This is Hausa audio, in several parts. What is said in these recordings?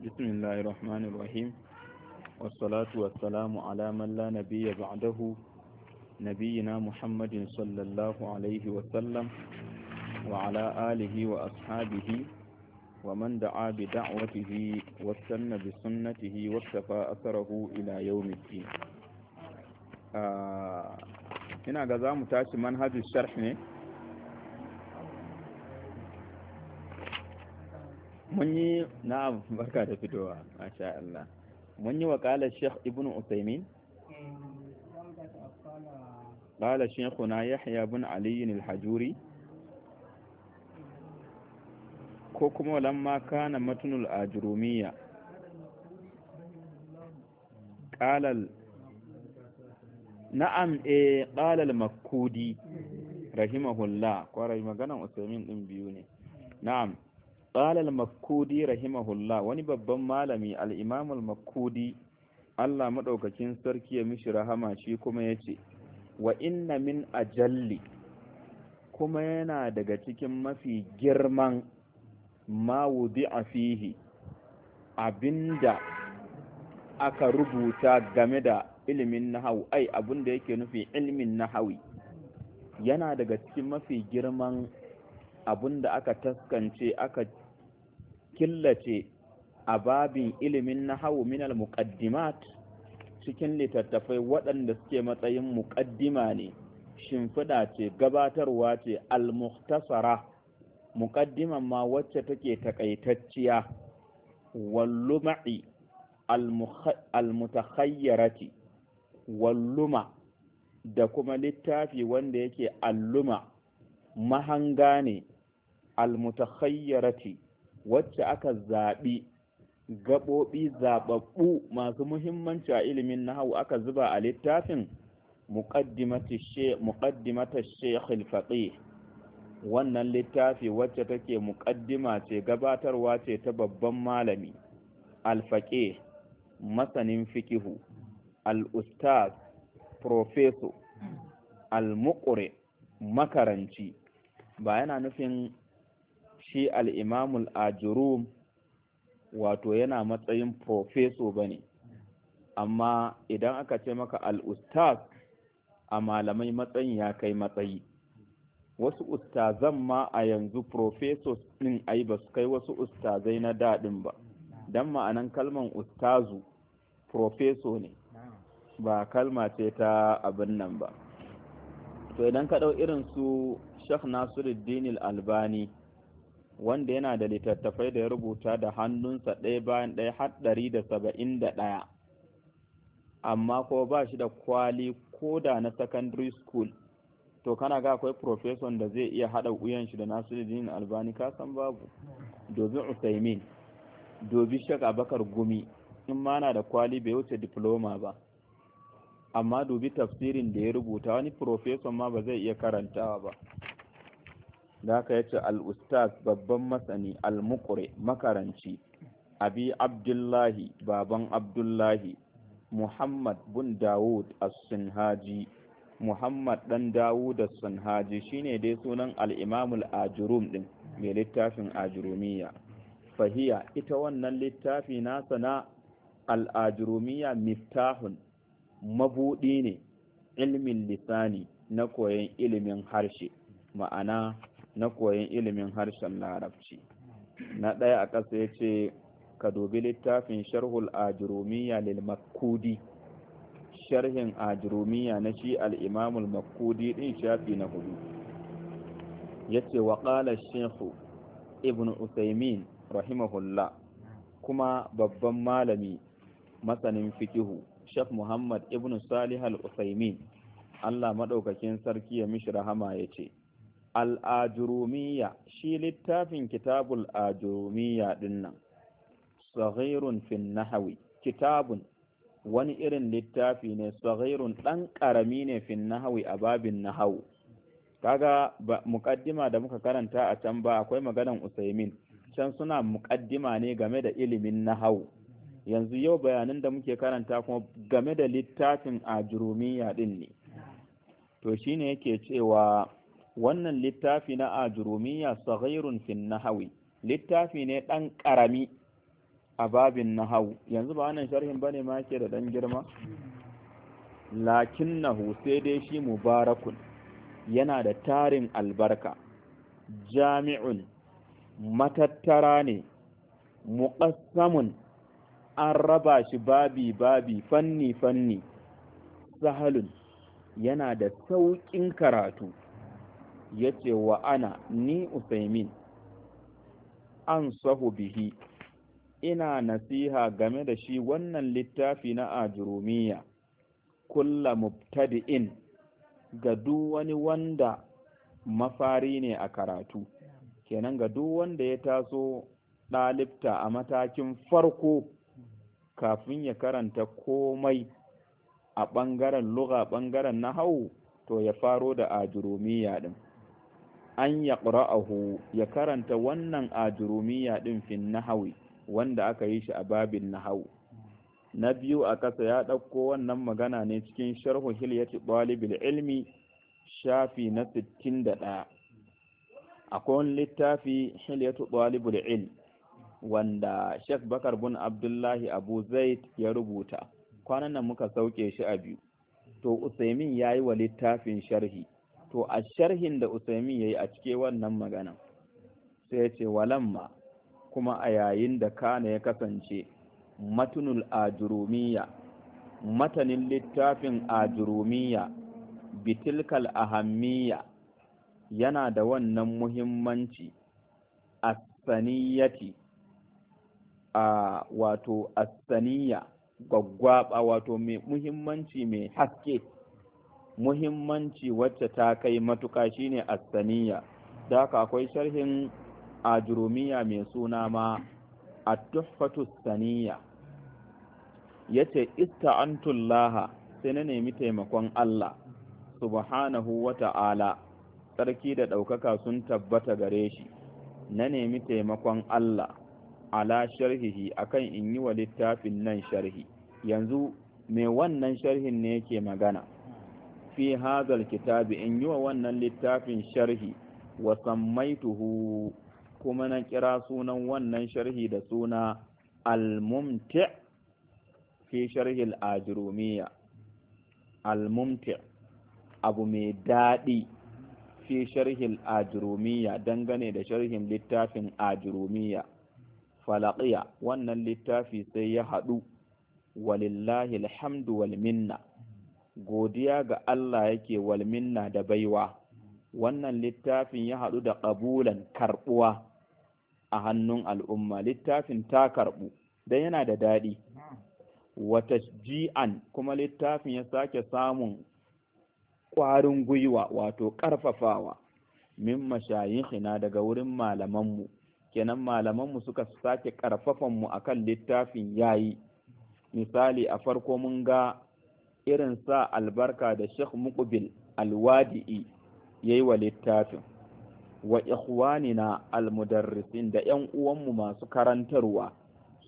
بسم الله الرحمن الرحيم والصلاة والسلام على من لا نبي بعده نبينا محمد صلى الله عليه وسلم وعلى آله وأصحابه ومن دعا بدعوته واستنى بسنته واكتفى أثره إلى يوم الدين هنا آه... قزام تاشي منهج الشرح نه munyi yi barka da fitowa masha Allah wa qala Sheikh Ibn Uthaymeen qala Sheikhuna Yahya ibn Ali al-Hajuri ko kuma lamma kana matnul ajrumiyya qala na'am eh qala al-Makudi rahimahullah ko rai maganan Uthaymeen din biyu ne na'am qala al Rahima rahimahullah wani babban malami al-imam al Allah madaukakin sarki ya mishi rahama shi kuma yace wa inna min ajalli kuma yana daga cikin mafi girman ma wudi'a fihi abinda aka rubuta game da ilimin nahawu ai abinda yake nufi ilimin nahawi yana daga cikin mafi girman abinda aka taskance aka killace a babin ilimin nahawu min al cikin littattafai waɗanda suke matsayin muƙaddima ne shimfiɗa ce gabatarwa ce al-mukhtasara ma wacce take takaitacciya wallumaci almutakhayyarati walluma da kuma littafi wanda yake alluma mahanga ne al wacce aka zaɓi gaɓoɓi zaɓaɓɓu masu muhimmanci a ilimin nahawu aka zuba a littafin muƙaddimatar shekhul wannan littafi wacce take muƙaddima ce gabatarwa ce ta babban malami alfaƙe masanin fikihu al'ustaz profeso al makaranci ba yana nufin shi al'imamul ajirum wato yana matsayin profeso ba ne amma idan aka ce maka al'ustaz a malamai matsayin ya kai matsayi wasu ustazan ma a yanzu profesos ɗin ai ba su kai wasu ustazai na daɗin ba don ma'anan kalman ustazu profeso ne ba kalma ce ta abin nan ba to idan ka ɗau irin su shekh nasiruddin albani wanda yana da littattafai da ya rubuta da hannunsa ɗaya bayan ɗaya har ɗari da saba'in da ɗaya amma ko ba shi da kwali ko da na secondary school to kana ga akwai profeson da zai iya haɗa wuyan shi da nasiruddin albani ka san babu dobi usaimin dobi shak abakar gumi in ma na da kwali bai wuce diploma ba amma dubi tafsirin da ya rubuta wani profeson ma ba zai iya karantawa ba da haka yace al-ustaz babban masani al mukure makaranci abi abdullahi baban abdullahi muhammad bin dawud as-sinhaji muhammad dan dawud as-sinhaji shine dai sunan al-imam al-ajurum din mai littafin ajurumiya fahiya ita wannan littafi nasa na al-ajurumiya miftahun mabudi ne ilmin lisani na koyon ilimin harshe ma'ana na koyon ilimin harshen larabci na ɗaya a ƙasa ya ce ka dubi littafin sharhul ajurumiya lil makudi sharhin ajurumiya na shi al'imamul makudi ɗin shafi na hudu ya ce wa ƙala shehu ibn usaimin rahimahullah kuma babban malami masanin fikihu shaf muhammad ibn salihal usaimin allah maɗaukakin sarki ya mishi rahama ya ce al'ajurumiya shi littafin kitabul ajurumiya dinnan tsagirun fin nahawi kitabun wani irin littafi ne tsagirun ɗan ƙarami ne fin nahawi a babin nahawu kaga ba muƙaddima da muka karanta a can ba akwai maganan usaimin can suna muƙaddima ne game da ilimin nahawu yanzu yau bayanin da muke karanta kuma game da littafin ajurumiya din ne to shine yake cewa wannan littafi na ajurumiya saghairun fin nahawi littafi ne dan karami a babin nahawu yanzu ba wannan sharhin bane ma yake da dan girma lakinnahu sai dai shi mubarakun yana da tarin albarka jami'un matattara ne muqassamun an raba shi babi babi fanni fanni sahalun yana da sauƙin karatu ya ce wa ana ni usaimin an sahu bihi ina nasiha game da shi wannan littafi na ajurumiya kulla mubtadi'in ga duk wani wanda mafari ne a karatu kenan ga duk wanda ya taso ɗalibta a matakin farko kafin ya karanta komai a ɓangaren luga ɓangaren nahawu to ya faro da ajurumiya ɗin an ya ya karanta wannan ajurumiya ɗin fin nahawi wanda aka yi shi a babin nahawu na biyu a ƙasa ya ɗauko wannan magana ne cikin sharhu hilyati ɗalibul ilmi shafi na sittin da ɗaya akwai littafi hilyatu ɗalibul ilm wanda Sheikh Bakar bin Abdullahi Abu Zaid ya rubuta kwanan nan muka sauke shi a biyu to Usaimin yayi wa littafin sharhi to a sharhin da usaimi ya yi a cike wannan magana sai ya ce walamma kuma a yayin da kana ya kasance matunul ajurumiya matanin littafin ajurumiya bitilkal ahammiya yana da wannan muhimmanci asaniyati a wato asaniya gwaggwaba wato mai muhimmanci mai haske muhimmanci wacce ta kai matuka shine as-saniya da haka akwai sharhin ajurumiya mai suna ma at-tuhfatu saniya yace ista'antullaha sai na nemi taimakon Allah subhanahu wa ta'ala sarki da ɗaukaka sun tabbata gare shi na nemi taimakon Allah ala sharhihi akan in yi wa littafin nan sharhi yanzu me wannan sharhin ne yake magana fi hadal kitabi in yi wa wannan littafin sharhi wa sammaituhu kuma na kira sunan wannan sharhi da suna almumti fi sharhi al almumti abu mai daɗi fi sharhi al dangane da sharhin littafin ajrumiya falaƙiya wannan littafi sai ya haɗu walillahi alhamdu wal minna godiya ga Allah yake wal minna da baiwa wannan littafin ya haɗu da ƙabulan karɓuwa a hannun al'umma littafin ta karɓu don yana da daɗi wata ji'an kuma littafin ya sake samun ƙwarin gwiwa wato ƙarfafawa min mashayikhina daga wurin malamanmu kenan malamanmu suka sake ƙarfafanmu akan littafin yayi misali a farko mun ga irin sa albarka da Sheikh Muqbil Alwadi'i yayi wa littafin wa ikhwanina almudarrisin da ƴan uwanmu masu karantarwa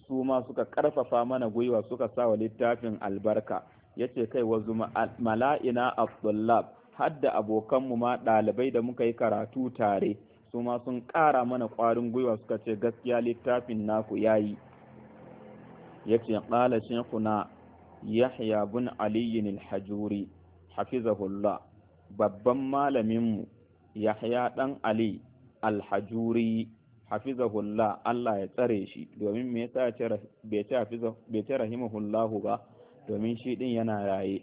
su ma suka karfafa mana gwiwa suka sa wa littafin albarka yace kai wa mala'ina abdullab hadda abokanmu ma ɗalibai da muka yi karatu tare su ma sun ƙara mana ƙwarin gwiwa suka ce gaskiya littafin naku yayi yace qala shaykhuna yahya bin aliyin al-hajuri hafizahullah babban malaminmu yahya dan ali Alhajuri hafiza hafizahullah Allah ya tsare shi domin me yasa bai ce rahimahullahu ba domin shi din yana raye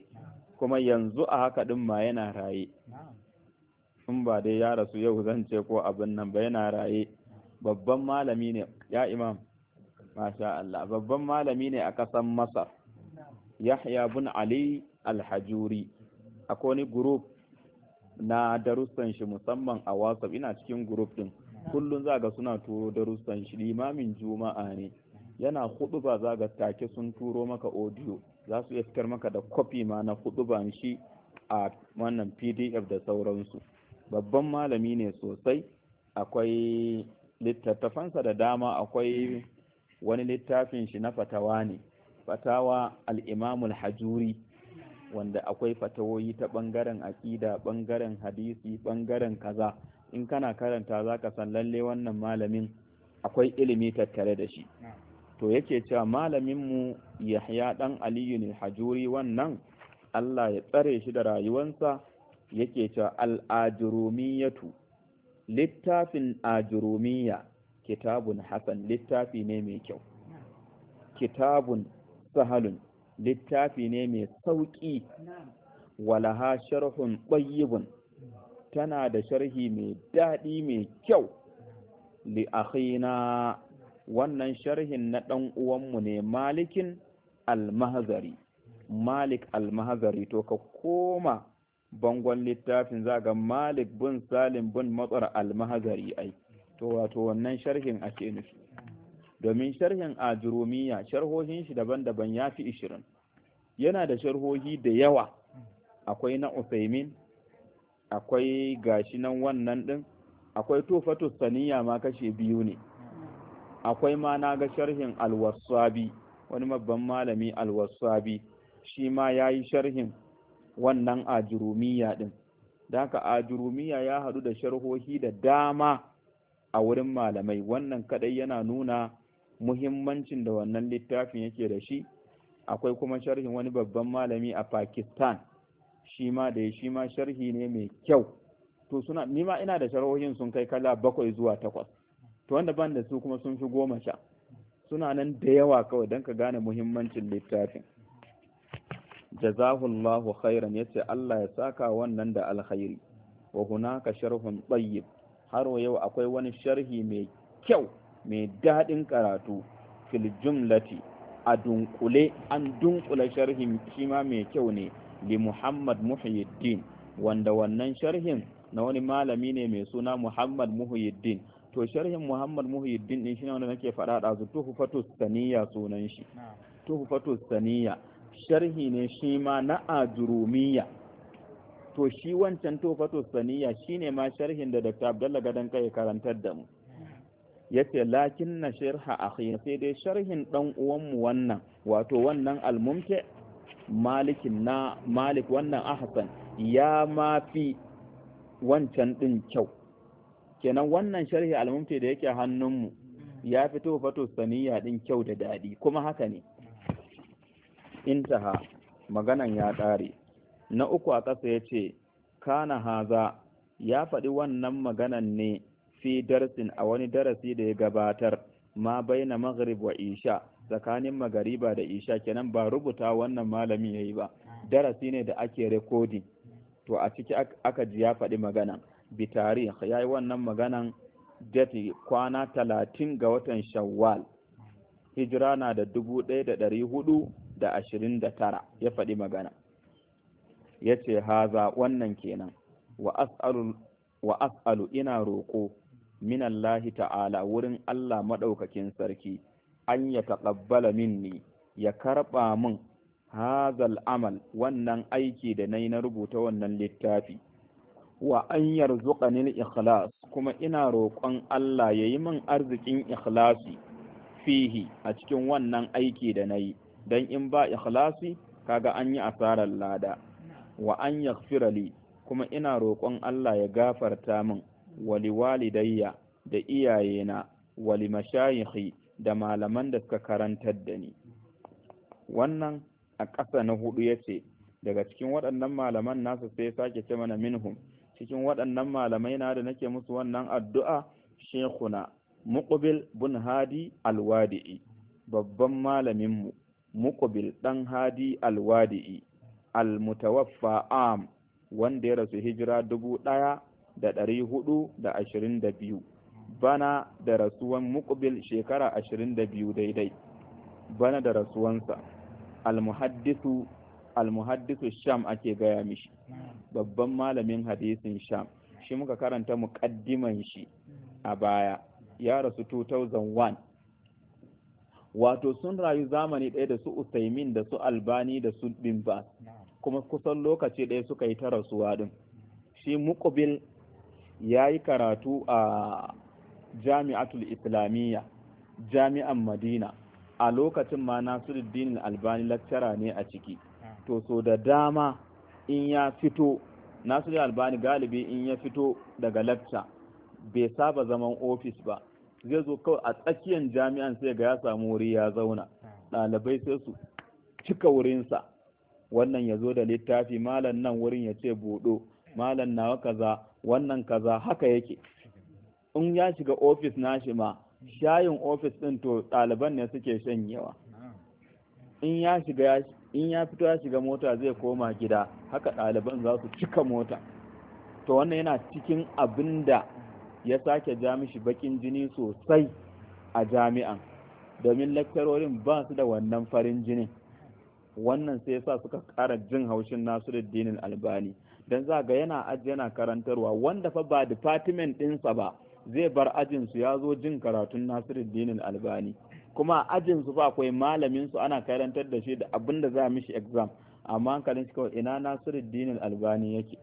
kuma yanzu a haka din ma yana raye in ba dai ya rasu yau zan ce ko abin nan ba yana raye babban malami ne ya imam masha Allah babban malami ne a ƙasar Masar Yahya bin Ali Alhajuri akwai wani group na darussan shi musamman a WhatsApp ina cikin group din kullun za ga suna turo darussan shi limamin juma'a ne yana hudu ba za ga take sun turo maka audio za su iya fitar maka da copy ma na hudu ban shi a wannan PDF da sauransu babban malami ne sosai akwai littattafansa da dama akwai wani littafin shi na fatawa ne fatawa al'imamul hajuri wanda akwai fatawoyi ta ɓangaren aƙida ɓangaren hadisi ɓangaren kaza in kana karanta za ka san lalle wannan malamin akwai ilimi tattare da shi to yake cewa malaminmu yahya ɗan aliyu hajuri wannan allah ya tsare shi da rayuwansa yake cewa al'ajurumiyatu littafin ajurumiya kitabun hasan littafi ne mai kyau kitabun sahalun littafi ne mai sauƙi walaha sharhun ɓayyibun tana da sharhi mai daɗi mai kyau li akhina wannan sharhin na ɗan uwanmu ne malikin almahazari malik almahazari to ka koma bangon littafin zaga malik bin salim bin matsar almahazari ai to wato wannan sharhin ake nufi domin sharhin ajurumiya sharhohin shi daban-daban ya fi ishirin yana da sharhohi da yawa akwai na Usaimin akwai gashi nan wannan ɗin akwai tufatu saniya ma kashe biyu ne akwai ma na ga sharhin alwasabi wani babban malami alwasabi shi ma ya yi sharhin wannan ajurumiya ɗin da haka ajurumiya ya haɗu da sharhohi da dama a wurin malamai wannan kaɗai yana nuna muhimmancin da wannan littafin yake da shi akwai kuma sharhin wani babban malami a Pakistan shi ma da shi ma sharhi ne mai kyau to suna ni ma ina da sharhohin sun kai kala bakwai zuwa takwas to wanda ban da su kuma sun fi goma sha suna nan da yawa kawai don ka gane muhimmancin littafin jazahullahu khairan yace Allah ya saka wannan da alkhairi wa hunaka sharhun tayyib har yau akwai wani sharhi mai kyau mai daɗin karatu fil jumlati a dunkule an dunkula sharhin shi ma mai kyau ne li Muhammad Muhyiddin wanda wannan sharhin na wani malami ne mai suna Muhammad Muhyiddin to sharhin Muhammad Muhyiddin din ne wanda nake faɗa da su tuhfatus saniya sunan shi tuhfatus saniya sharhi ne shi ma na ajurumiya to shi wancan tuhfatus saniya shine ma sharhin da Dr. Abdullah Gadan kai karantar da mu yace lakin na sharha akhi sai dai sharhin dan uwanmu wannan wato wannan almumti malikin na malik wannan ahsan ya ma fi wancan din kyau kenan wannan sharhi almumti da yake hannun mu ya fito fato saniya din kyau da dadi kuma haka ne intaha maganan ya ƙare na uku a ƙasa ya ce kana haza ya faɗi wannan maganan ne fi darsin a wani darasi da ya gabatar ma baina maghrib wa isha tsakanin magariba da isha kenan ba rubuta wannan malami yayi ba darasi ne da ake recording to a ciki aka ji ya faɗi magana bi tarih yi wannan maganan dati kwana talatin ga watan shawwal hijira na da dubu ɗaya da ɗari hudu da ashirin da tara ya faɗi magana ya ce haza wannan kenan wa as'alu ina roko. minallahi ta'ala wurin Allah maɗaukakin sarki an ya min minni ya karɓa min hazal amal wannan aiki da na yi na rubuta wannan littafi wa an yarzuqanil ikhlas kuma ina roƙon Allah ya yi min arzikin ikhlasi fihi a cikin wannan aiki da na yi don in ba ikhlasi kaga an yi asarar lada wa an yaghfirali kuma ina roƙon Allah ya gafarta min wali walidayya da iyayena wali mashayikhi da malaman da suka karantar da ni wannan a ƙasa na hudu ya ce daga cikin waɗannan malaman nasu sai ya sake ce mana minhum cikin waɗannan malamai na da nake musu wannan addu'a shekuna muqbil Bun hadi alwadi'i babban malaminmu muqbil ɗan hadi alwadi'i almutawaffa am wanda ya rasu hijira dubu ɗaya da ɗari hudu da ashirin da biyu bana da rasuwan mukubil shekara ashirin da biyu daidai bana da rasuwansa almuhaddisu almuhaddisu sham ake gaya mishi babban malamin hadisin sham shi muka karanta muƙaddiman shi a baya ya rasu 2001 wato sun rayu zamani ɗaya da su usaimin da su albani da su bimba kuma kusan lokaci ɗaya suka yi ta rasuwa ɗin shi mukubil ya yi karatu a jami'atul islamiyya jami'an madina a lokacin ma nasiruddin albani lakcara ne a ciki to so da dama in ya fito nasiruddin albani galibi in ya fito daga lakca bai saba zaman ofis ba zai zo kawai a tsakiyar jami'an sai ga ya samu wuri ya zauna ɗalibai sai su cika wurinsa wannan ya zo da littafi malam nan wurin ya ce buɗo malam nawa kaza wannan kaza haka yake in ya shiga ofis nashi ma shayin ofis ɗin to ɗaliban ne suke shanyewa in ya shiga in ya fito ya shiga mota zai koma gida haka ɗaliban za su cika mota to wannan yana cikin abin da ya sake ja mishi bakin jini sosai a jami'an domin lakcarorin ba su da wannan farin jini. wannan sai ya sa suka ƙara jin haushin dinin albani dan za ga yana aji yana karantarwa wanda fa ba department ɗinsa ba zai bar ajinsu ya zo jin karatun nasiruddin albani kuma ajinsu ba akwai malamin su ana karantar da shi da abin da za mishi exam amma hankalin shi kawai ina nasiruddin albani yake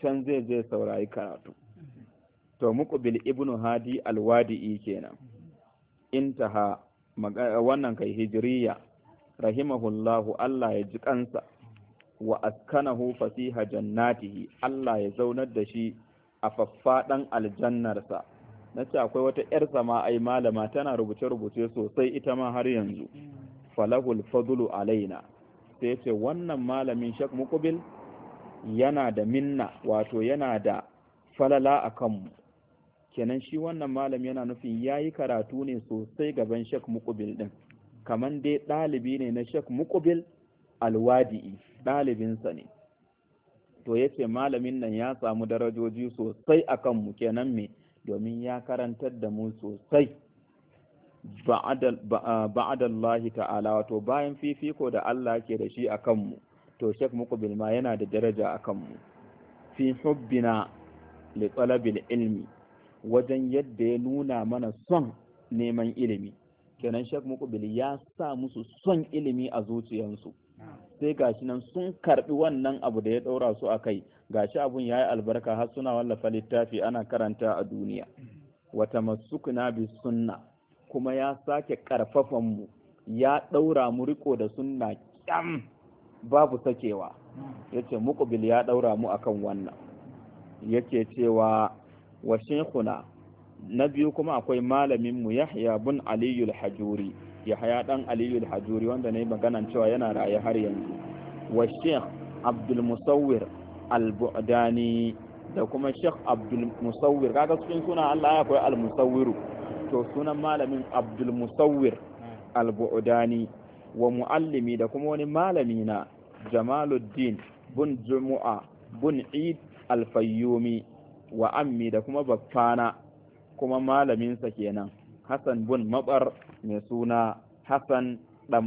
can zai zai saurayi karatu to muku bil ibnu hadi alwadi'i kenan intaha wannan kai hijriya rahimahullahu Allah ya ji kansa wa askanahu fasiha jannatihi Allah ya zaunar da shi a faffaɗan aljannarsa na ce akwai wata 'yar sama ai malama tana rubuce-rubuce sosai ita ma har yanzu falahul fadlu alaina sai ce wannan malamin shak mukubil yana da minna wato yana da falala a kanmu kenan shi wannan malam yana nufin ya yi karatu ne sosai gaban shak mukubil ɗin kaman dai ɗalibi ne na shak mukubil alwadi'i ɗalibinsa ne to ya ce malamin nan ya samu darajoji sosai a kanmu kenan me domin ya karantar da mu sosai ba'adallahi ta'ala wato bayan fifiko da Allah ke da shi a kanmu to shek Muku'bil ma yana da daraja a kanmu fi hubbina li talabil ilmi wajen yadda ya nuna mana son neman ilimi kenan shek Muku'bil ya sa musu son ilimi a zuciyarsu. sai gashi nan sun karbi wannan abu da ya ɗaura su a kai gashi abun ya yi albarka har suna wallafa littafi ana karanta a duniya wata masukuna bi sunna kuma ya sake karfafan mu ya daura mu riko da sunna kyam babu sakewa yace bil ya ɗaura mu akan wannan yake cewa wa shekuna na biyu kuma akwai malamin mu yahya bin aliyul hajuri yahaya dan aliyu al-hajuri wanda ne magana cewa yana raye har yanzu wa sheikh abdul musawwir al-bu'dani da kuma sheikh abdul musawwir kaga cikin suna Allah ya koyi al-musawwiru to sunan malamin abdul musawwir al-bu'dani wa muallimi da kuma wani malami na jamaluddin bun jumu'a bun eid al-fayyumi wa ammi da kuma baffana kuma malaminsa kenan hassan bun mabar mai suna Hassan dan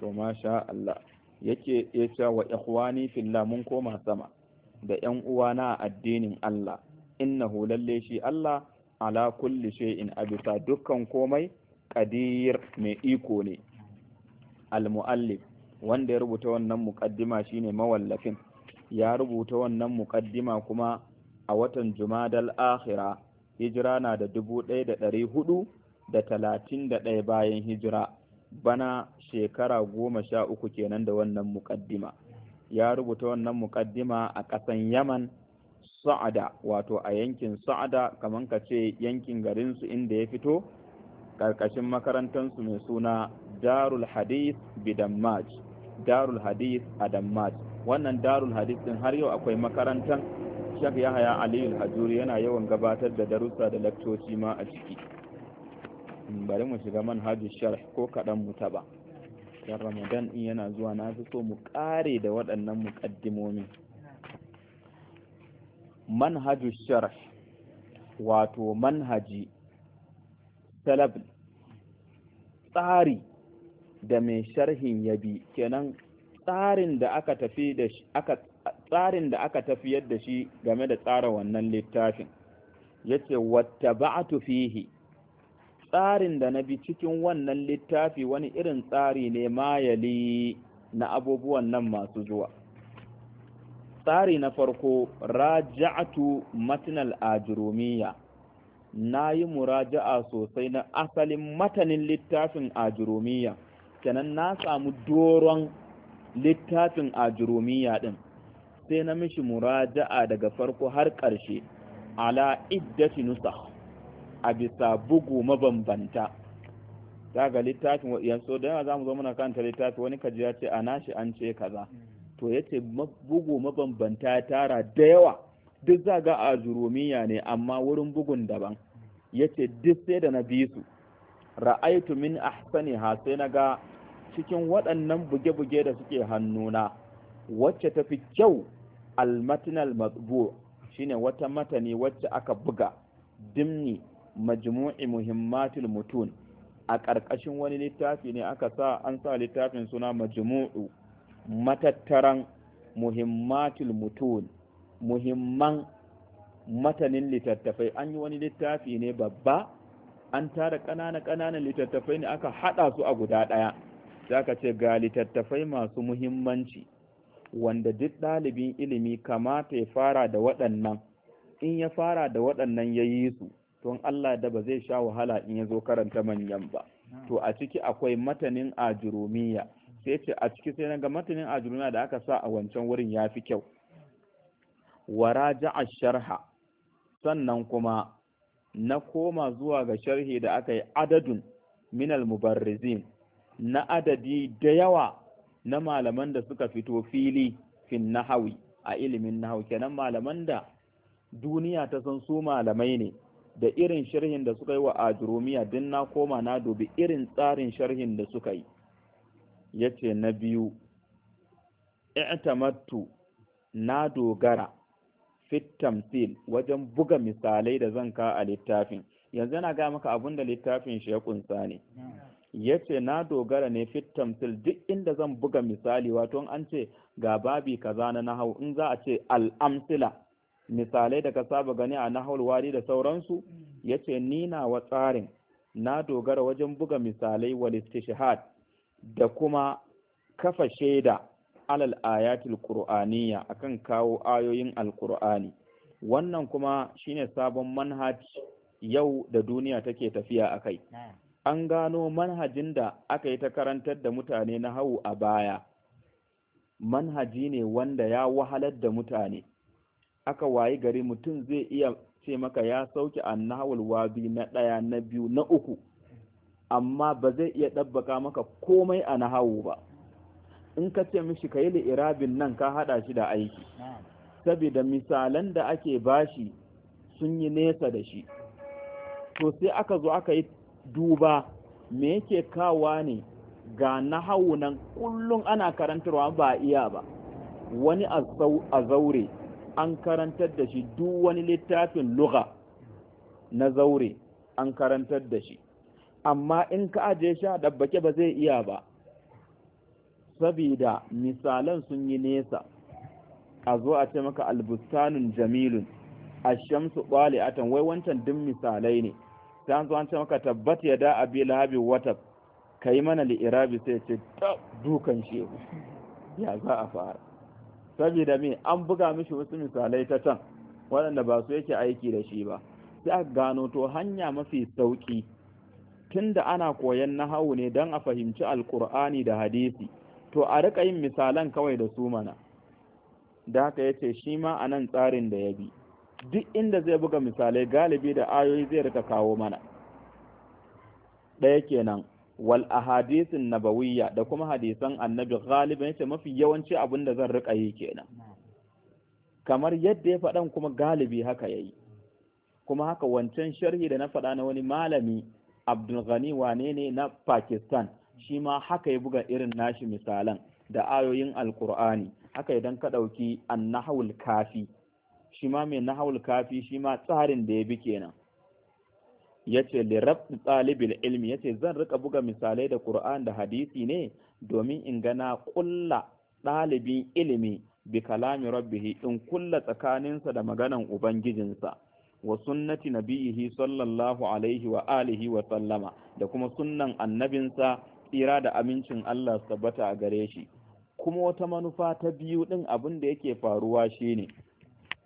to masha Allah yake ya ce wa ikhwani fillah mun koma sama da ƴan uwana a addinin Allah innahu lalle shi Allah ala kulli shay'in bisa dukkan komai qadir mai iko ne al-muallif wanda ya rubuta wannan muqaddima shine mawallafin ya rubuta wannan muqaddima kuma a watan jumadal akhira hijira na da dubu ɗaya da ɗari huɗu. da talatin da ɗaya bayan hijira bana shekara goma sha uku kenan da wannan mukaddima ya rubuta wannan mukaddima a ƙasan yaman sa'ada wato a yankin sa'ada kamar ka ce yankin garinsu inda ya fito ƙarƙashin makarantarsu mai suna darul hadith bidammaj darul hadith a dammaj wannan darul hadith din har yau akwai makarantar shak yahaya aliyu hajuri yana yawan gabatar da darussa da lakcoci ma a ciki bari mu shiga manhajin sharh ko kaɗan mu taɓa dan ramadan in yana zuwa na fi so mu ƙare da waɗannan muƙaddimomi manhajin sharh wato manhaji salaf tsari da mai sharhin ya bi kenan tsarin da aka tafi da shi aka tsarin da aka tafiyar da shi game da tsara wannan littafin yace wattaba'tu fihi tsarin da na bi cikin wannan littafi wani irin tsari ne mayali na abubuwan nan masu zuwa tsari na farko raja'atu matinal ajurumiya na yi muraja'a sosai na asalin matanin littafin ajurumiya kenan na samu doron littafin ajurumiya din sai na mishi muraja'a daga farko har ƙarshe ala iddati nusa. a bisa bugu mabambanta daga littafin yanzu da yawa za mu zo muna kanta littafi wani kaji ya ce a nashi an ce kaza to ya ce bugu mabambanta ya tara da yawa duk za ga a jurumiya ne amma wurin bugun daban ya ce duk sai da na bi su ra'aitu min ahsani ha sai na ga cikin waɗannan buge-buge da suke hannuna wacce ta fi kyau almatinal matbu shine wata matani wacce aka buga dimni majmu'i muhimmatil mutun a ƙarƙashin wani littafi ne aka sa an sa littafin suna majmu'u matattaran muhimmatil mutun muhimman matanin littattafai an yi wani littafi ne babba an tara ƙanana ƙananan littattafai ne aka haɗa su a guda ɗaya za ka ce ga littattafai masu muhimmanci wanda duk ɗalibin ilimi kamata ya fara da waɗannan in ya fara da waɗannan ya yi su to Allah da ba zai sha wahala in ya zo karanta manyan ba to a ciki akwai matanin ajurumiya sai ce a ciki sai ga matanin ajurumiya da aka sa a wancan wurin ya fi kyau Waraja'a sharha sannan kuma na koma zuwa ga sharhi da aka yi adadun minal mubarrizin na adadi da yawa na malaman da suka fito fili fin nahawi a ilimin nahawi kenan malaman da duniya ta san su malamai ne da irin sharhin da suka yi wa ajurumiya din na koma na dubi irin tsarin sharhin da suka yi ya ce na biyu i'tamattu na dogara fit wajen buga misalai da zan ka a littafin yanzu yana gaya maka abunda littafin shi ya kunsa ne ya ce na dogara ne fit duk inda zan buga misali wato an ce ga babi kaza na nahau in za a ce Al-Amsila. misalai da ka saba gani a nahawar wari da sauransu yace ni na wa tsarin na dogara wajen buga misalai wani shahad" da kuma kafa shaida alal ayatul qur'aniyya akan kawo ayoyin Alkur'ani. wannan kuma shine sabon manhaj yau da duniya take tafiya a kai. an gano manhajin da aka yi ta karantar da mutane na hau a baya manhaji ne wanda ya wahalar da mutane aka wayi gari mutum zai iya ce maka ya sauke annahawul wabi na ɗaya na biyu na uku amma ba zai iya ɗabbaka maka komai a nahawu ba in ka ce mishi ka yi li'irabin nan ka haɗa shi da aiki saboda misalan da ake bashi sun yi nesa da shi to sai aka zo aka yi duba me yake kawa ne ga nahawu nan kullum ana karantarwa ba iya ba wani a zaure an karantar da shi duk wani littafin lugha na zaure an karantar da shi amma in ka aje shi a ɗabbake ba zai iya ba sabida misalan sun yi nesa a zo a ce maka albustanun jamilun a shamsu ɓale atan wai wancan duk misalai ne sai an zo an ce maka tabbat ya da abi lahabi wata ka yi mana li'irabi sai ce ta dukan shehu ya za a fara saboda me an buga mishi wasu misalai ta can waɗanda ba su yake aiki da shi ba sai a gano to hanya mafi sauƙi. tunda ana koyan nahawu ne don a fahimci alkur'ani da hadisi to a rika yin misalan kawai da su mana da haka ya ce shi ma a nan tsarin da ya bi duk inda zai buga misalai galibi da ayoyi zai rika kawo mana ɗaya kenan wal ahadithin nabawiyya da kuma hadisan annabi galiban yace mafi yawanci abin da zan rika yi kenan kamar yadda ya faɗan kuma galibi haka yayi kuma haka wancan sharhi da na faɗa na wani malami Abdul Ghani wane ne na Pakistan shi ma haka ya buga irin nashi misalan da ayoyin Alkur'ani haka idan ka ɗauki nahawul kafi shi ma mai nahawul kafi shi ma tsarin da ya bi kenan yace li rabbi tsalibin ilmi ce zan rika buga misalai da ƙura'an da hadisi ne domin in gana kulla ɗalibin ilimi bi kalami rabbihi in kulla tsakaninsa da maganan ubangijinsa wa sunnati nabiyihi sallallahu alaihi wa alihi wa sallama da kuma sunnan annabinsa tsira da amincin Allah tabbata a gare shi kuma wata manufa ta biyu din abin da yake faruwa shine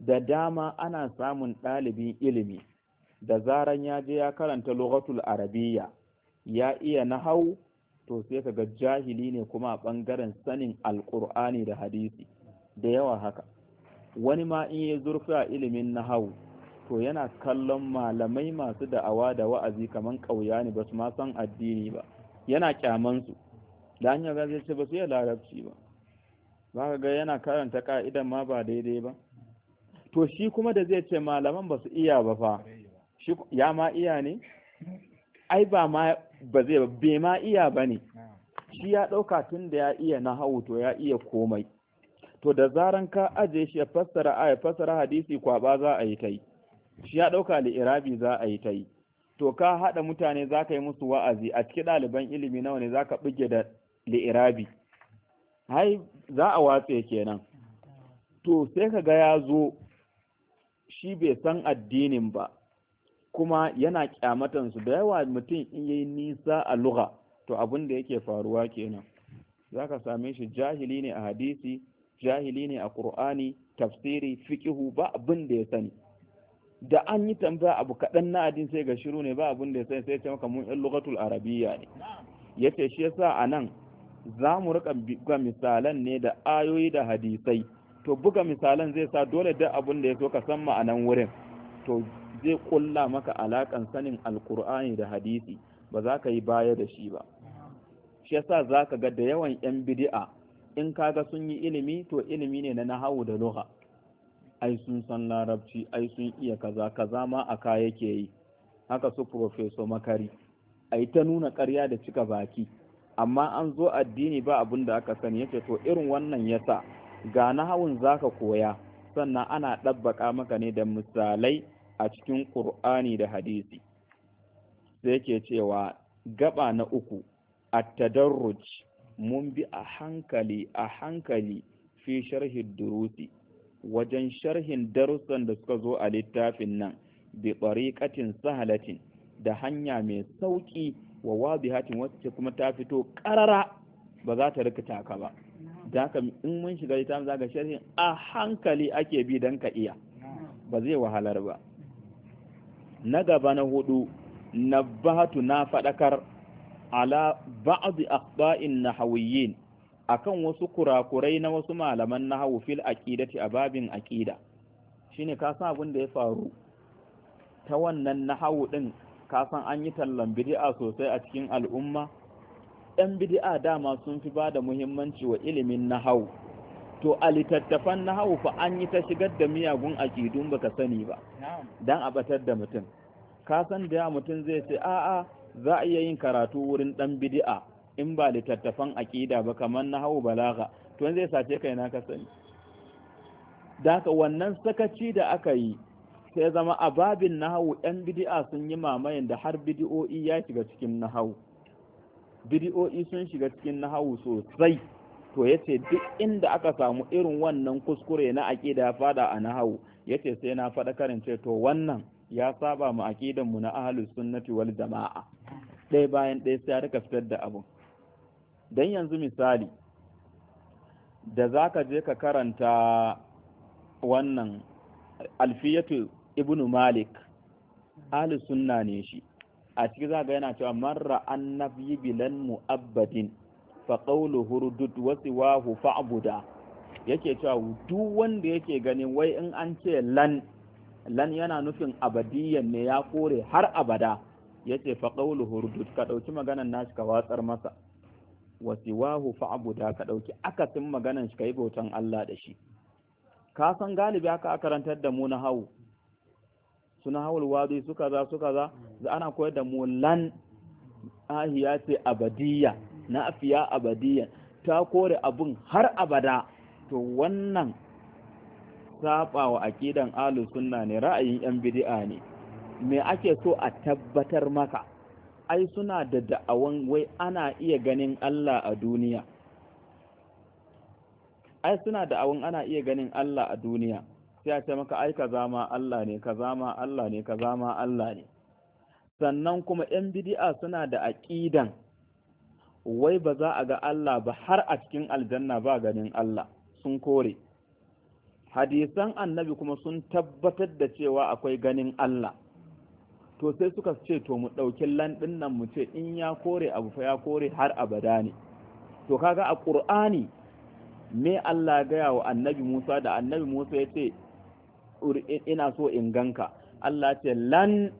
da dama ana samun ɗalibin ilimi da zaran ya je ya karanta lughatul Arabiya, ya iya nahau to sai kaga jahili ne kuma a ɓangaren sanin alƙur'ani da hadisi da yawa haka wani ma in ya zurfa ilimin nahau to yana kallon malamai masu da'awa da wa'azi kaman ƙauya ne ba su ma san addini ba yana kyamansu da hanyar zai ce ba su yi larabci ba ba ka ga yana karanta ka'idan ma ba daidai ba to shi kuma da zai ce malaman ba su iya ba fa shi ya ma iya ne ai ba ma ba zai bai ma iya ba ne shi ya ɗauka tun da ya iya na hau to ya iya komai to da zaran ka aje shi ya fassara a ya fassara hadisi kwaba za a yi ta yi shi ya ɗauka li'irabi za a yi ta yi to ka haɗa mutane za ka yi musu wa'azi a cikin ɗaliban ilimi nawa ne za ka buge da li'irabi hai za a watse kenan to sai ka ga ya zo shi bai san addinin ba kuma yana kyamatan su da yawa mutum in yi nisa a lura to abin da yake faruwa kenan ka same shi jahili ne a hadisi jahili ne a ƙur'ani tafsiri fikihu ba abin da ya sani da an yi tambaya abu kaɗan na adin sai ga shiru ne ba abin da ya sani sai ya ce maka mun yan lugatul arabiya ne yace shi yasa a nan za mu rika buga misalan ne da ayoyi da hadisai to buga misalan zai sa dole da abin da ya so ka san ma'anan wurin to zai kulla maka alakan sanin alkur'ani da hadisi ba za ka yi baya da shi ba shi yasa za ka ga da yawan 'yan bidi'a in kaga sun yi ilimi to ilimi ne na nahawu da luha. ai sun san larabci ai sun iya kaza kaza ma aka yake yi haka su professor makari ai ta nuna ƙarya da cika baki amma an zo addini ba abin da aka sani yace to irin wannan yasa ga nahawun ka koya sannan ana ɗabbaka maka ne da misalai a cikin ƙur'ani da hadisi sai ke cewa gaba na uku a tadarruj mun bi a hankali a hankali fi sharhi durusi wajen sharhin darussan da suka zo a littafin nan bi tsariƙatin sahalatin da hanya mai sauƙi wa wadihatin wacce kuma ta fito ƙarara ba za ta rikita ka ba da haka in mun shiga littafin za ka sharhin a hankali ake bi don ka iya ba zai wahalar ba na gaba na hudu na nabbahatu na faɗakar ala ba'd akhta'in nahawiyyin akan wasu kurakurai na wasu malaman nahawu fil aqidati a babin aqida shine ka san abin da ya faru ta wannan nahawu ɗin? ka san an yi tallan bid'a sosai a cikin al'umma ɗan bid'a dama sun fi bada da muhimmanci wa ilimin nahawu to a littattafan na hau fa an yi ta shigar da miyagun aƙidun ka sani ba don a batar da mutum ka san da mutum zai ce a'a za a iya yin karatu wurin ɗan bidi'a in ba littattafan aƙida ba kamar na hau balaga to zai sace kai na ka sani daga wannan sakaci da aka yi sai zama a babin hau yan bidi'a sun yi mamayen da har bidi'o'i ya shiga cikin bidi'o'i sun shiga cikin nahawu sosai to yace duk inda aka samu irin wannan kuskure na ya fada a nahawu yace sai na faɗa karin ce to wannan ya saba mu aqidan mu na ahlus sunnati wal jamaa dai bayan ɗaya sai rika fitar da abu dan yanzu misali da zaka je ka karanta wannan alfiyatu ibnu malik ahlus sunna ne shi a ciki za ga yana cewa marra annabi bilan mu'abbadin fa qawlu hurdud wa wahu fa'buda yake cewa duk wanda yake ganin wai in an ce lan lan yana nufin abadiyyan ne ya kore har abada yace fa qawlu hurdud ka dauki maganan nashi ka watsar masa wa siwahu fa'buda ka dauki akasin maganan shi kai bautan Allah da shi ka san galibi aka karantar da mu na hawu suna hawul wadi suka za suka za ana koyar da mu lan ahiya ce abadiyya na afiya abadiyya ta kore abun har abada to wannan saba wa aqidan sunna ne ra'ayin yan bid'a ne me ake so a tabbatar maka ai suna da da'awan wai ana iya ganin Allah a duniya ai suna da'awan ana iya ganin Allah a duniya sai a ce maka ai ka zama Allah ne ka zama Allah ne ka zama Allah ne sannan kuma yan bid'a suna da aƙidan. wai ba za a ga Allah ba har a cikin aljanna ba ganin Allah sun kore hadisan annabi kuma sun tabbatar da cewa akwai ganin Allah to sai suka ce to mu ɗauki landin nan mu ce in ya kore abu fa ya kore har abada ne to kaga a ƙur'ani me Allah gaya wa annabi Musa da annabi Musa ya ce ina so in ganka Allah ce lan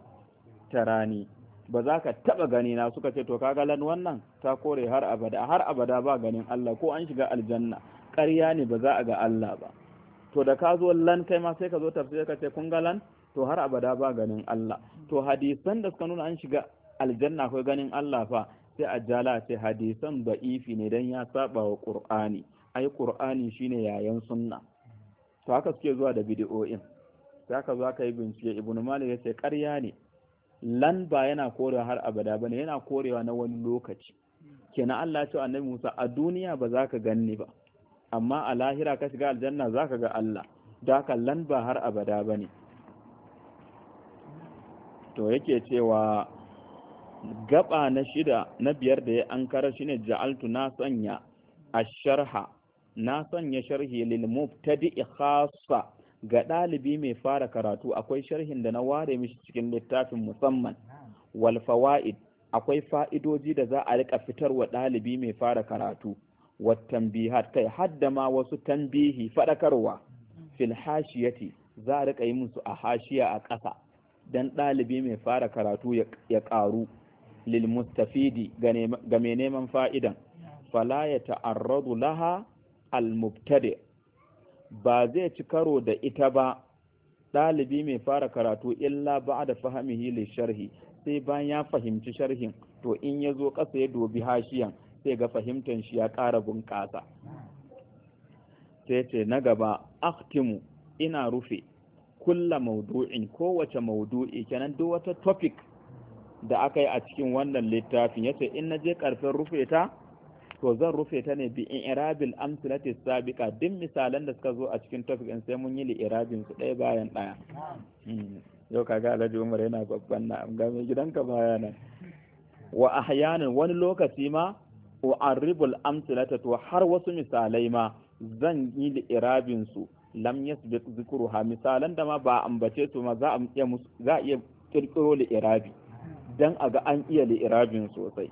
tarani ba za ka taɓa gani na suka ce to kaga lan wannan ta kore har abada har abada ba ganin Allah ko an shiga aljanna ƙarya ne ba za a ga Allah ba to da ka zo lan kai ma sai ka zo tafsir ka ce kun galan? lan to har abada ba ganin Allah to hadisan da suka nuna an shiga aljanna akwai ganin Allah fa sai a jala ce hadisan ba'ifi ne dan ya saba wa Qur'ani ai Qur'ani shine yayan sunna to haka suke zuwa da bid'o'in sai ka zo ka yi bincike ibnu malik yace ƙarya ne lan ba yana korewa har abada bane yana korewa na wani lokaci kenan Allah ya ce annabi Musa a duniya ba za ka ganni ba amma a lahira ka shiga aljanna za ka ga Allah da haka lan ba har abada bane to yake cewa gaba na shida na biyar da ya an kara shine ja'altu na sanya asharha na sanya sharhi lil mubtadi khassa ga ɗalibi mai fara karatu akwai sharhin da na ware mishi cikin littafin musamman wal fawaid akwai fa'idoji da za a rika fitarwa ɗalibi mai fara karatu wat tambihat kai hadda ma wasu tambihi fadakarwa fil hashiyati za a rika yi musu a hashiya a ƙasa dan ɗalibi mai fara karatu ya ƙaru lil mustafidi ga mai neman fa'idan fala ya ta'arradu laha al mubtadi' ba zai ci karo da ita ba ɗalibi mai fara karatu illa ba da fahimihi li sharhi sai bayan ya fahimci sharhin to in ya zo ƙasa ya dobi hashiyan sai ga fahimtan shi ya ƙara bunƙasa sai ce na gaba aktimu ina rufe kulla maudu'in kowace maudu'i kenan duk wata topic da aka yi a cikin wannan littafin yace in na je karfin rufe ta to zan rufe ta ne bi in irabil amsalati sabiqa din misalan da suka zo a cikin topic din sai mun yi li irabin su ɗaya bayan ɗaya hmm. yau kaga Alhaji Umar yana babban na ga mai gidanka baya nan wa ahyanan wani lokaci ma arribul amsalata to har wasu misalai ma zan yi li irabin su lam yasbiq zikruha misalan da ma ba ambace su ma za a iya za a iya kirkiro li irabi dan aga an iya li irabin sosai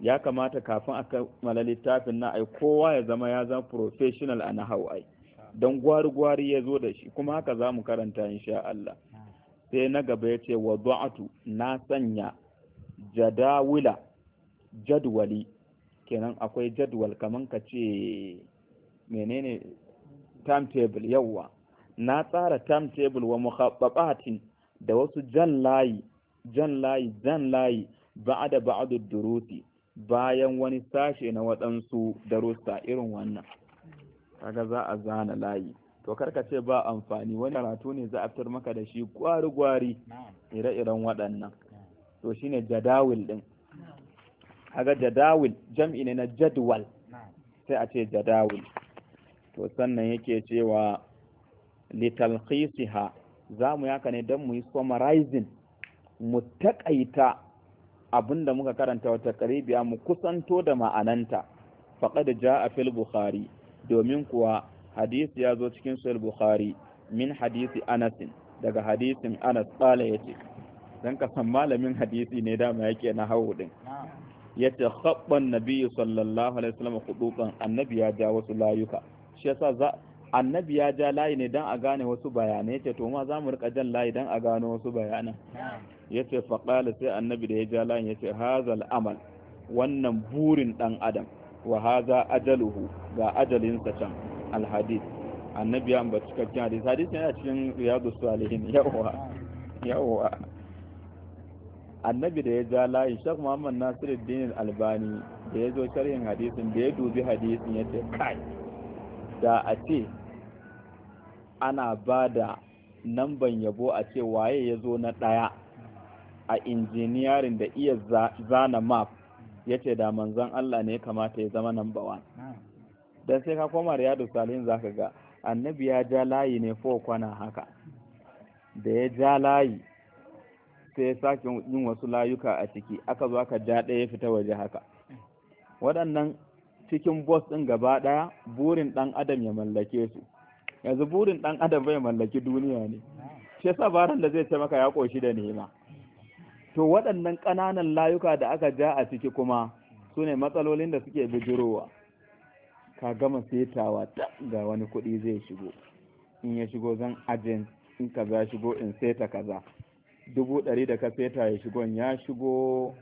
ya kamata kafin a kammala littafin na ai kowa ya zama ya zama professional a nahau ai don gwari-gwari ya zo da shi kuma haka za mu karanta insha Allah sai na gaba ya ce wa du'atu na sanya jadawila jadwali kenan akwai jadwal kaman ka ce menene timetable yawa na tsara timetable wa muhabbabatin da wasu jan layi jan layi jan layi ba'da ba'du durusi bayan wani sashe na waɗansu darussa irin wannan kaga za a zana layi to karka ce ba amfani wani karatu ne za a fitar maka da shi gwari-gwari ire-iren waɗannan to shine jadawil ɗin kaga jadawil jam'i ne na jadwal sai a ce jadawil to sannan yake cewa litalkhisiha za mu yaka ne don mu yi summarizing mu taƙaita abin da muka karanta wata karibiya mu kusanto da ma'ananta ja jaa fil bukhari domin kuwa hadisi ya zo cikin sahih bukhari min hadisi anas daga hadisin anas qala yace dan ka san malamin hadisi ne dama yake na hawo din yace khabban nabi sallallahu alaihi wasallam khudutan annabi ya ja wasu layuka shi yasa annabi ya ja layi ne don a gane wasu bayanai ce to ma za mu rika jan layi don a gano wasu bayanan yace faqala sai annabi da ya ja layi ya ce hazal amal wannan burin dan adam wa haza ajaluhu ga ajalinsa can alhadis annabi ya ambaci cikakken hadis ne a cikin riyadu salihin yawa yawa annabi da ya ja layi shak muhammad nasiruddin albani da ya zo sharhin hadisin da ya dubi hadisin ce kai da a ce ana ba da namban yabo a ce waye ya zo na ɗaya a injiniyarin da iya zana map ya ce da manzon Allah ne kamata ya zama namba wan don sai ka koma riyadu salihin ka ga annabi ya ja layi ne fo kwana haka da ya ja layi sai ya sake yin wasu layuka a ciki aka zo aka ja ɗaya ya fita waje haka waɗannan cikin bos ɗin gaba ɗaya burin ɗan adam ya mallake su yanzu burin ɗan adam bai mallaki duniya ne shi yasa baran da zai ce maka ya koshi da nema to waɗannan ƙananan layuka da aka ja a ciki kuma su ne matsalolin da suke bijirowa ka gama setawa ta ga wani kuɗi zai shigo in ya shigo zan ajin in kaza shigo in seta kaza dubu ɗari da ka seta ya shigo in ya shigo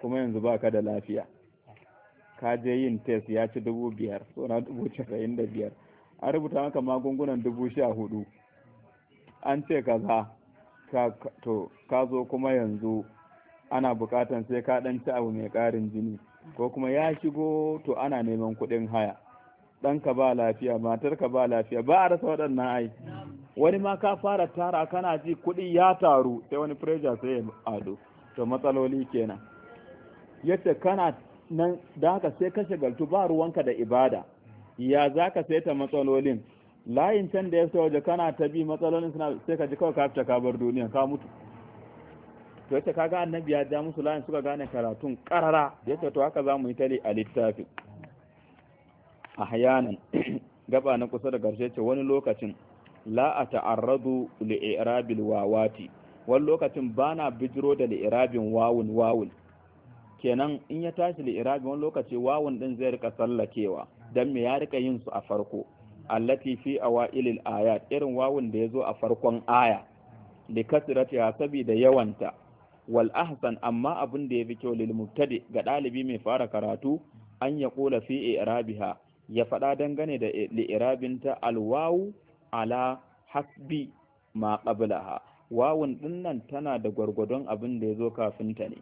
kuma yanzu ba ka da lafiya ka je yin tes ya ci dubu biyar so dubu casa'in da biyar a rubuta maka magungunan dubu sha hudu an ce kaza ka to ka zo kuma yanzu ana bukatan sai ka dan ci abu mai karin jini ko kuma ya shigo to ana neman kudin haya ɗanka ba lafiya matarka ba lafiya ba a rasa waɗannan ai wani ma ka fara tara kana ji kuɗi ya taru sai wani pressure sai ya ado to matsaloli kenan yace kana nan da haka sai ka shagaltu ba ruwanka da ibada ya za ka saita matsalolin layin can da ya fita waje kana ta bi matsalolin suna sai ka ji kawai ka fita ka bar duniya ka mutu to yace kaga annabi ya ja musu layin suka gane karatun karara da yace to haka zamu yi tare a littafin ahyanan gaba na kusa da garshe ce wani lokacin la a ta'arradu li'irabil wawati wani lokacin bana bijiro da li'irabin wawun wawun kenan in ya tashi li'irabin wani lokaci wawun din zai rika sallakewa dan me ya rika yin su a farko allati fi awailil ayat irin wawun da yazo a farkon aya li sabida saboda yawanta wal ahsan amma abin da yafi kyau lil mubtadi ga dalibi mai fara karatu an ya kula fi i'rabiha ya faɗa dangane da ta alwawu ala hasbi ma qablaha wawun dinnan tana da gwargwadon abin da yazo kafin ta ne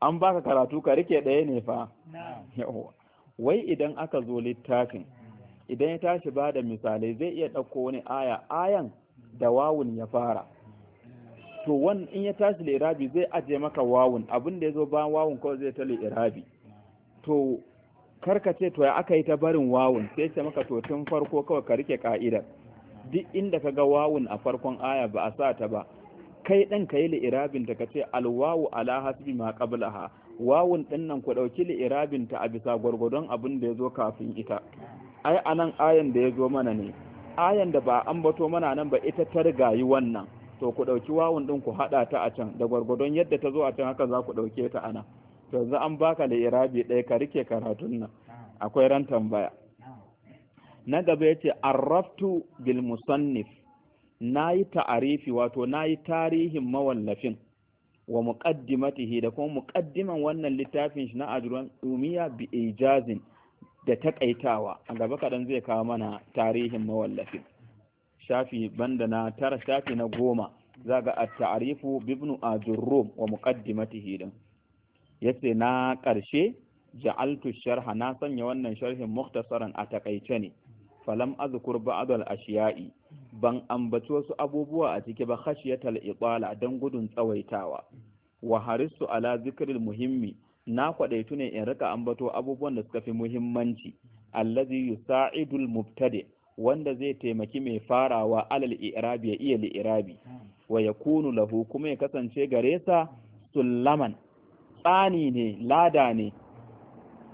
an baka karatu ka rike ɗaya ne fa yawa wai idan aka zo littafin idan ya tashi ba da misalai zai iya ɗauko wani aya ayan da wawun ya fara to wani in ya tashi irabi zai aje maka wawun abin da ya zo ba wawun kawai zai ta irabi to ce to ya aka yi ta barin wawun sai ce maka to tun farko kawai ka rike ka'idar duk inda ka ga wawun a farkon aya ba a sa ta ba kai ɗan ka yi li'irabin ta ka ce alwawu ala hasbi ma qablaha wawun ɗin nan ku ɗauki li'irabin ta a bisa gwargwadon abin da ya zo kafin ita ai a nan ayan da ya zo mana ne ayan da ba ambato mana nan ba ita ta rigayi wannan to ku ɗauki wawun ɗin ku haɗa ta a can da gwargwadon yadda ta zo a can haka za ku ɗauke ta ana to yanzu an baka li'irabi ɗaya ka rike karatun nan akwai ran tambaya na gaba ya ce arraftu bil musannif na yi ta'arifi wato na yi tarihin mawallafin wa muqaddimatihi da kuma muqaddiman wannan littafin shi na ajruwan umiya bi ijazin da takaitawa a gaba kadan zai kawo mana tarihin mawallafin shafi banda na tara shafi na goma za ga at-ta'rifu bi ajurrum wa muqaddimatihi din yace na karshe ja'altu sharha na sanya wannan sharhin mukhtasaran a takaice ne falam azkur ba'd al ashiya'i ban ambaci wasu abubuwa a ciki ba khashiyatal iqala dan gudun tsawaitawa wa harisu ala zikril muhimmi na kwadaitu ne in rika ambato abubuwan da suka fi muhimmanci allazi yusa'idul mubtadi wanda zai taimaki mai farawa alal i'rabi ya iya li'irabi wa yakunu lahu kuma ya kasance gare sa sullaman tsani ne lada ne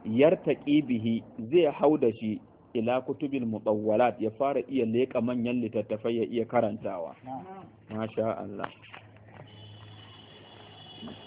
Yarta bihi zai hau da shi ila kutubin mutawwalat ya fara iya leƙa manyan littattafai ya iya karantawa masha Allah